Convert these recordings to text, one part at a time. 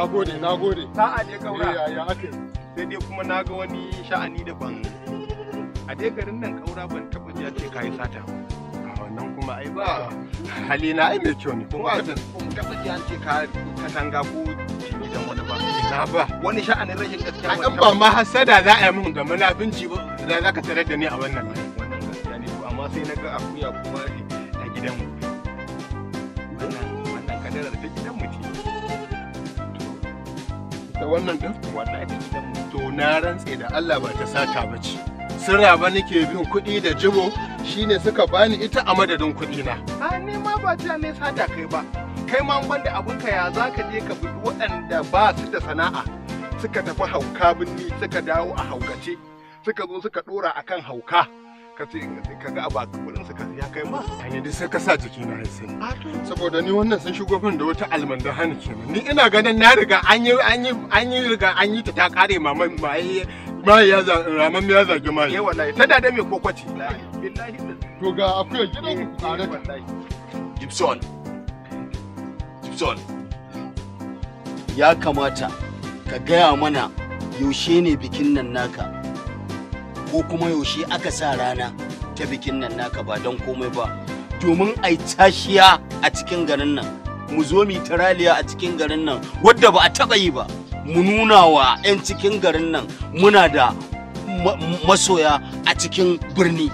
na gode na gode sa'a kaura eh, ya ya ake sai dai kuma na ga wani sha'ani da ban a dai garin nan kaura ban taba ji ce kai sata a wannan kuma ai ba halina ai mai kyau ne kuma ban taba ji an ce ka katanga ko gidan wani ba na ba wani sha'anin rashin gaskiya wannan ba ma hasada za a yi mun da munafinci ba da za ka tarar da ni a wannan wannan gaskiya ne amma sai na ga akuya kuma a gidanmu wannan wannan kadarar ta gidanmu ce da wannan din wallahi to na rantse da Allah ba ta sata ba ce sirra ba nake bin kuɗi da jibo shine suka bani ita a madadin kuɗi na a ni ma ba ta ne sata kai ba kai ma abun ka ya zaka je ka bi waɗanda ba su da sana'a suka tafi hauka binni suka dawo a haukace suka zo suka ɗora akan hauka ka ce ka ga ba kudin sa ya kai ma an yi sai ka sa jiki na sai saboda ni wannan sun shugaban da wata almanda hannu kenan ni ina ganin na riga an yi an yi an yi riga an yi ta ta kare ma. mai mai ya za raman ya zagi mai yawa eh, ta dade mai kokwaci to ga akuya gidan ku kare wallahi Gibson Gibson ya kamata ka gaya mana yaushe ne bikin nan naka ko kuma yaushe aka sa rana ta bikin nan naka ba don komai ba domin a tashiya a cikin garin nan mu zo mu taraliya a cikin garin nan wadda ba a taɓa yi ba mu nuna wa 'yan cikin garin nan muna da masoya a cikin birni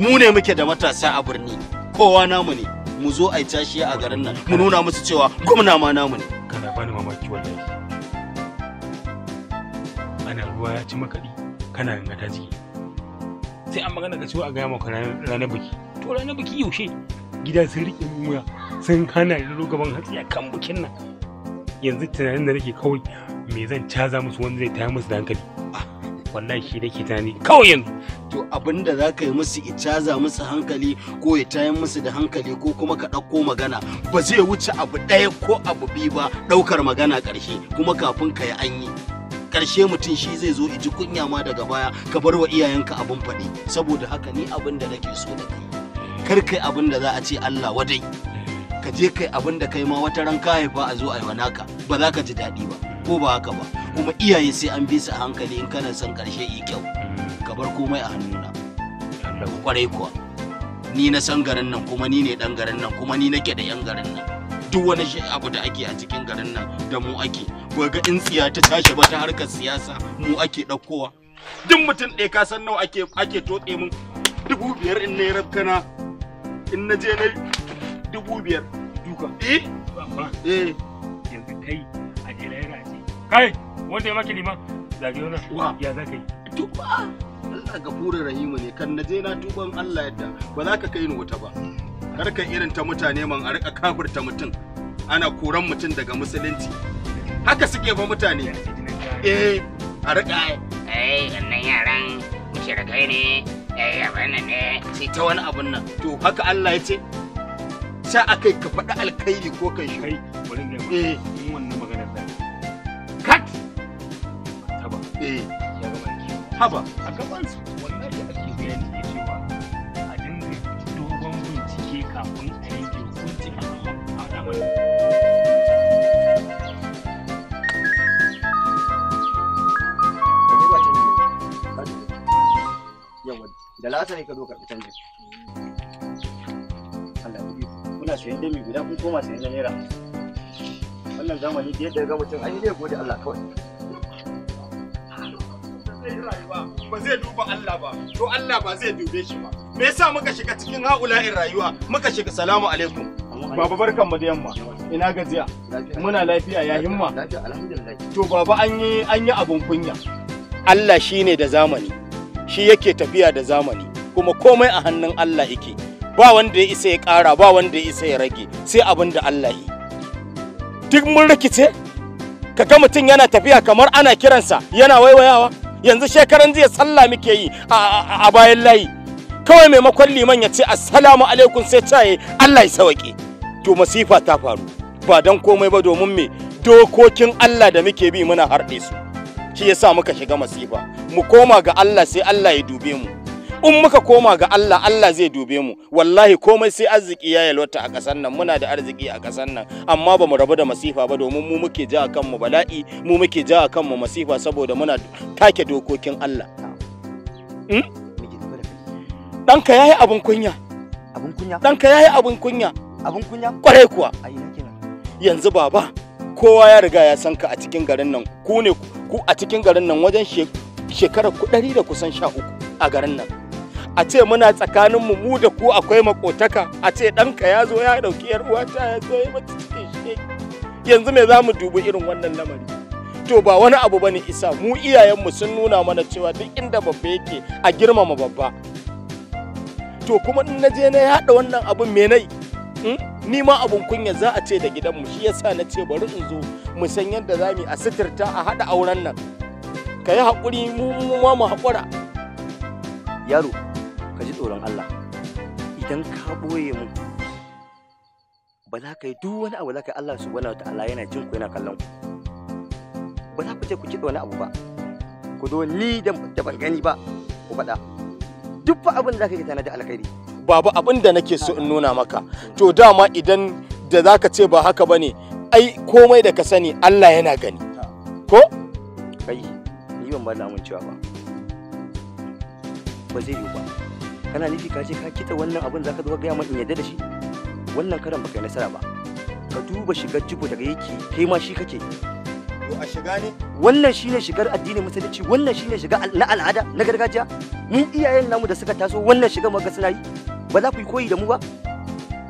mu ne muke da matasa a birni kowa namu ne mu zo a tashiya a garin nan mu nuna musu cewa gwamna ma namu ne kana bani mamaki wallahi ana ruwa ya ci makadi kana ganga ta ciki sai an magana ka ciwo a gaya maka ranar biki to ranar biki yaushe gida sun riƙe wuya sun hana ni gaban hatsi a kan bikin nan yanzu tunanin da nake kawai me zan caza musu wanda zai taya musu da hankali ah, wallahi shi nake tunani kawai yanzu to abin da za ka yi musu ya caza musu hankali ko ya tayar musu da hankali ko kuma ka ɗauko magana ba zai wuce abu ɗaya ko abu biyu ba ɗaukar magana ƙarshe kuma kafin ka yi an yi karshe mutum shi zai zo iji kunya ma daga baya ka bar wa iyayenka abin faɗi saboda haka ni abin da nake so da kai kar kai abin da za a ce Allah wadai ka je kai abin da kai ma wata ran ka haifa a zo a yi naka ba za ka ji daɗi ba ko ba haka ba kuma iyaye sai an bi su a hankali in kana son karshe yi kyau ka bar komai a hannuna kwarai kuwa ni na san garin nan kuma ni ne dan garin nan kuma ni nake da yan garin nan duk wani abu da ake a cikin garin nan da mu ake ba ga in tsiya ta tashi ba ta harkar siyasa mu ake ɗaukowa duk mutum ɗaya ka san nawa ake ake totse min dubu biyar in na yi rafkana in na je na dubu biyar duka eh eh yanzu kai a je lahira ce kai wanda ya maki liman zage wa ya za ka yi to ba Allah gafurin rahimu ne kan na je na tuban Allah yadda ba za ka kai ni wuta ba harkar irin ta mutane man a rika kafirta mutum ana koran mutum daga musulunci haka suke ba mutane eh a rika ai eh, wannan yaran mushrikai ne eh abin nan ne sai ta wani abun nan to haka Allah ya ce sa akai ka faɗi alkhairi ko kan shi bari ne eh mun wannan magana da kat haba eh ya ga banki haba a gaban su wallahi ake bayani ya ce cewa a dinga dogon bincike kafin a yi hukunci a Allah a da ne ka zo karɓi canjin Allah ku kuna sayan dami guda kun koma sayan na naira wannan zamani da yadda ga mutum ai ne zai gode Allah kawai ba zai duba Allah ba to Allah ba zai dube shi ba me yasa muka shiga cikin haula'in rayuwa muka shiga salamu alaikum baba barkan mu da yamma ina gajiya muna lafiya ya himma to baba an yi an yi abun kunya Allah shine da zamani shi yake tafiya da zamani kuma komai a hannun Allah yake ba wanda ya isa ya kara ba wanda ya isa ya rage sai abin da Allah yi duk mun rikice ka ga mutum yana tafiya kamar ana kiransa yana waiwayawa yanzu shekaran jiya sallah muke yi a bayan layi kawai maimakon liman ya ce assalamu alaikum sai caye Allah ya sauke to masifa ta faru ba don komai ba domin me dokokin Allah da muke bi muna harɗe su shi yasa muka shiga masifa mu koma ga Allah sai Allah ya dube mu in muka koma ga Allah Allah zai dube mu wallahi komai sai arziki ya yalwata a ƙasar nan muna da arziki a ƙasar nan amma ba mu rabu da masifa ba domin mu muke ja kanmu bala'i mu muke ja kanmu masifa saboda muna take dokokin Allah hmm? ɗanka ya yi abin kunya ɗanka ya yi abin kunya abin kunya kwarai kuwa yanzu baba kowa ya riga ya san ka a cikin garin nan ku ne ku a cikin garin nan wajen shekara ku ɗari da kusan sha uku a garin nan a ce muna tsakanin mu mu da ku akwai makotaka a ce ɗanka ya zo ya ɗauki yar uwata ya zo ya mata cikin yanzu me za mu dubi irin wannan lamari to ba wani abu ba ne isa mu iyayenmu sun nuna mana cewa duk inda babba yake a girmama babba to kuma in na je na yaɗa wannan abun me nai ni ma abun kunya za a ce da gidanmu shi yasa na ce bari in zo mu san yadda za mu a sitirta a haɗa auren nan ka yi haƙuri mu ma mu haƙura yaro ka ji tsoron Allah idan ka ɓoye mu ba za ka yi duk wani abu za ka yi Allah wata Allah yana jin ku yana kallon ku ba za ku je ku kiɗa wani abu ba ku zo ni da ban gani ba ku faɗa duk fa abin da za ka yi tana da alkhairi babu abin da nake so in nuna maka to dama idan da zaka ce ba haka bane ai komai da ka sani Allah yana gani ko kai ni ban ba mun cewa ba ba zai yi ba kana nufi ka ce ka kita wannan abin zaka zo ga mun in yadda da shi wannan karan baka yi nasara ba ka duba shigar jibo daga yake kai ma shi kake a shiga ne wannan shine shigar addinin musulunci wannan shine shiga na al'ada na gargajiya mun iyayen namu da suka taso wannan shiga maga suna yi ba za ku yi koyi da mu ba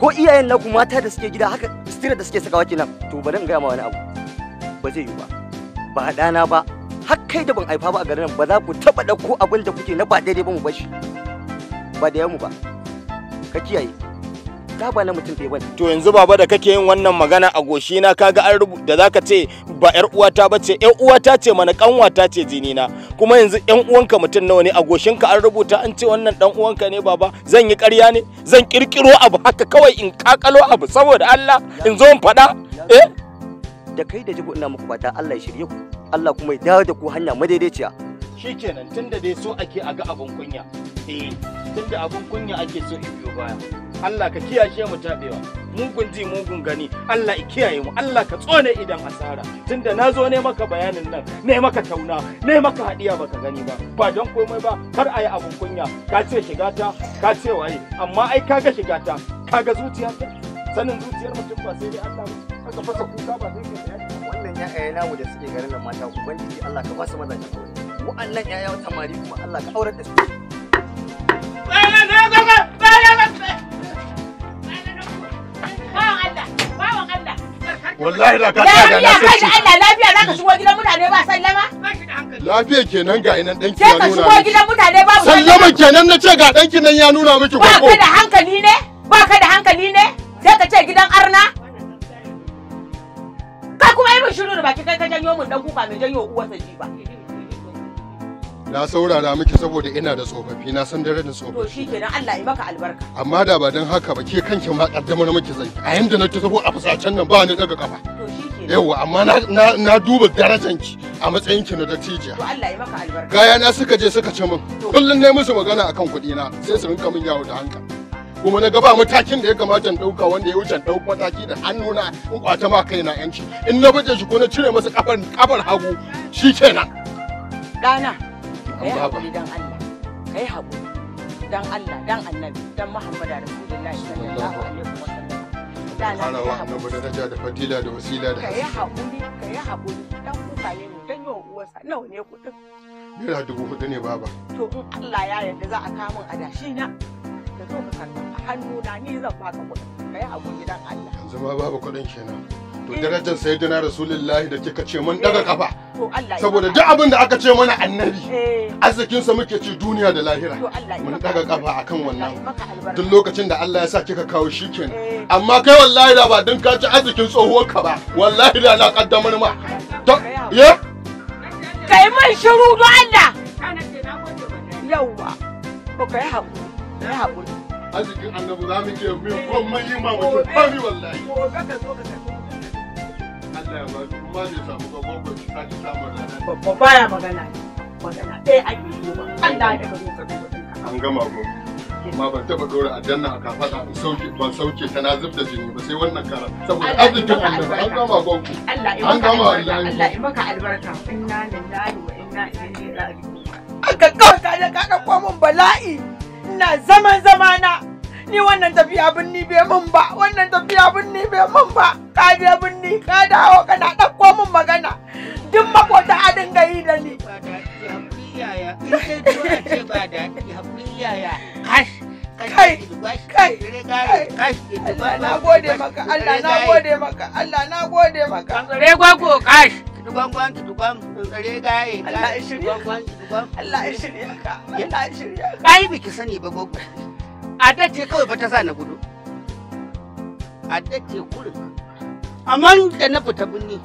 ko iyayen naku mata da suke gida haka stira da suke sakawa kenan to ba in gaya ma wani abu ba zai yi ba ba ɗana ba har kai da ban haifa ba a garin ba za ku taɓa ɗauko abin da kuke na ba daidai ba mu bashi ba da yamu ba ka kiyaye ta ba na mutum ɗaya ba. to yanzu baba da kake yin wannan magana a goshi na kaga an rubu da zaka ce ba yar uwata ba ce yar uwata ce mana ƙanwata ce jini na kuma yanzu yan uwanka mutum nawa ne a goshinka an rubuta an ce wannan dan uwanka ne baba zan yi ƙarya ne zan kirkiro abu haka kawai in kakalo abu saboda Allah in zo in faɗa eh da kai da jibo ina muku fata Allah ya shirye ku Allah kuma ya dawo da ku hanya madaidaiciya shikenan tunda dai so ake aga abun kunya eh tunda abun kunya ake so in biyo baya Allah ka kiyashe mu taɓewa, mugun ji mugun gani Allah ya kiyaye mu Allah ka tsone idan asara tunda na zo ne maka bayanin nan ne maka tauna ne maka hadiya baka gani ba ba don komai ba kar ayi abun kunya ka ce shiga ta ka ce waye amma ai kaga shiga ta kaga zuciya ta sanin zuciyar mutum ba sai dai Allah aka fasa kuka ba sai ka wannan ya ayyana mu da suke garin nan mata ubangiji Allah ka ba su mazajen aure wa'annan 'ya'ya tamari kuma Allah ka aurar da su wallahi da ka tsaya na sai Allah lafiya za ka shigo gidan mutane ba sallama lafiya kenan ga inan danki ya nuna ka shigo gidan mutane ba sallama kenan na ce ga danki nan ya nuna miki ba ka da hankali ne ba ka da hankali ne sai ka ce gidan arna ka kuma yi mun shiru da baki kai ka janyo mun dan kuka mai janyo uwarsa ji ba na saurara miki saboda ina da tsofaffi na san dare da tsofaffi to shikenan Allah ya maka albarka amma da ba dan haka ba ke kanki ma kaddamar miki zai a yanda na tafi a fasacen nan ba ni daga kafa to shikenan yawa amma na duba darajar ki a matsayin ki na dattijiya to Allah ya maka albarka gaya na suka je suka ci min kullun ne musu magana akan kuɗi na sai su rinka min yawo da hankali kuma na gaba matakin da ya kamata in ɗauka wanda ya wuce ɗauki mataki da hannuna in kwata ma kaina yanci in na baje shi ko na cire masa kafar kafar hagu shikenan ɗana kai haƙuri dan Allah kai haƙuri dan Allah dan annabi dan Muhammadu Rasulullahi sallallahu alaihi wasallam dana fara wa annabi daraja da fadila da wasila da kai haƙuri kai haƙuri dan kuka ne dan yawan uwarsa nawa ne kuɗin naira dubu hudu ne baba to in Allah ya yarda za a kawo min adashi na da zo ka karɓa a hannu na ni zan baka kuɗin kai haƙuri dan Allah yanzu ma babu kuɗin kenan to eh. darajar sayyidina rasulullahi da kika ce mun daga kafa saboda duk abin da aka ce mana annabi eh. arzikin sa muke ci duniya da lahira mun daga kafa akan wannan duk lokacin da Allah ya sa kika kawo shikenan eh. amma kai wallahi da ba dan ka ci arzikin tsohuwar ka ba wallahi da na kaddamar ma ye kai mai shiru do Allah yawa ko kai haƙuri kai haƙuri arzikin annabi za mu je mu komai ma mutum kai wallahi Allah ya ba kuma zai samu gaban gwaji ka baya magana magana ɗaya ake yi An gama mu. Amma ban taɓa ɗora a danna a kafaɗa in sauke ban sauke ta na zub da jini ba sai wannan kara saboda arzikin an gama gonku. Allah ya albarka Allah ya maka albarka inna lillahi wa inna ilaihi raji'un. Aka kawai ka ka bala'i ina zaman zamana. ni wannan tafiya binni bai mun ba wannan tafiya binni bai mun ba ka je binni ka dawo kana ɗauko mun magana duk makota a dinga yi da ni kai kai kai na gode maka Allah na gode maka Allah na gode maka tsare gwaggo ya shirya ka Allah ya shirya ka Allah ya shirya ka ai biki sani ba gwaggo Adda ce kawai fa ta sa na gudu. Adda ce kurin. Amma da na fita binni.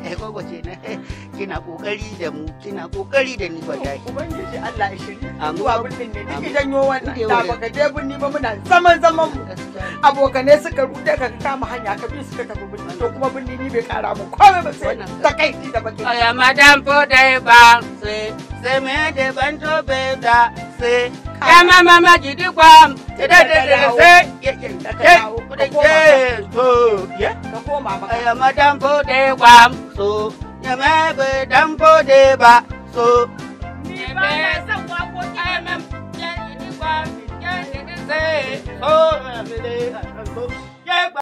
Eh gogo ce na eh, kina kokari da mu kina kokari da ni wallahi. Ubangiji Allah ya shiri. Zuwa birnin ne duk janyo wannan da baka je birni ba muna zaman zaman mu. suka rute ka kama hanya ka bi suka tafi birni to kuma birni ni bai kara mu komai ba sai takaici da bakin. Aya madam fo ba sai sai me da ban to da sai ma ma ma chỉ đi qua thế đây đây đây thế thế thế thế thử thế mà đam phô đề quam su nhà mẹ về đam phô đề bà su Yeah.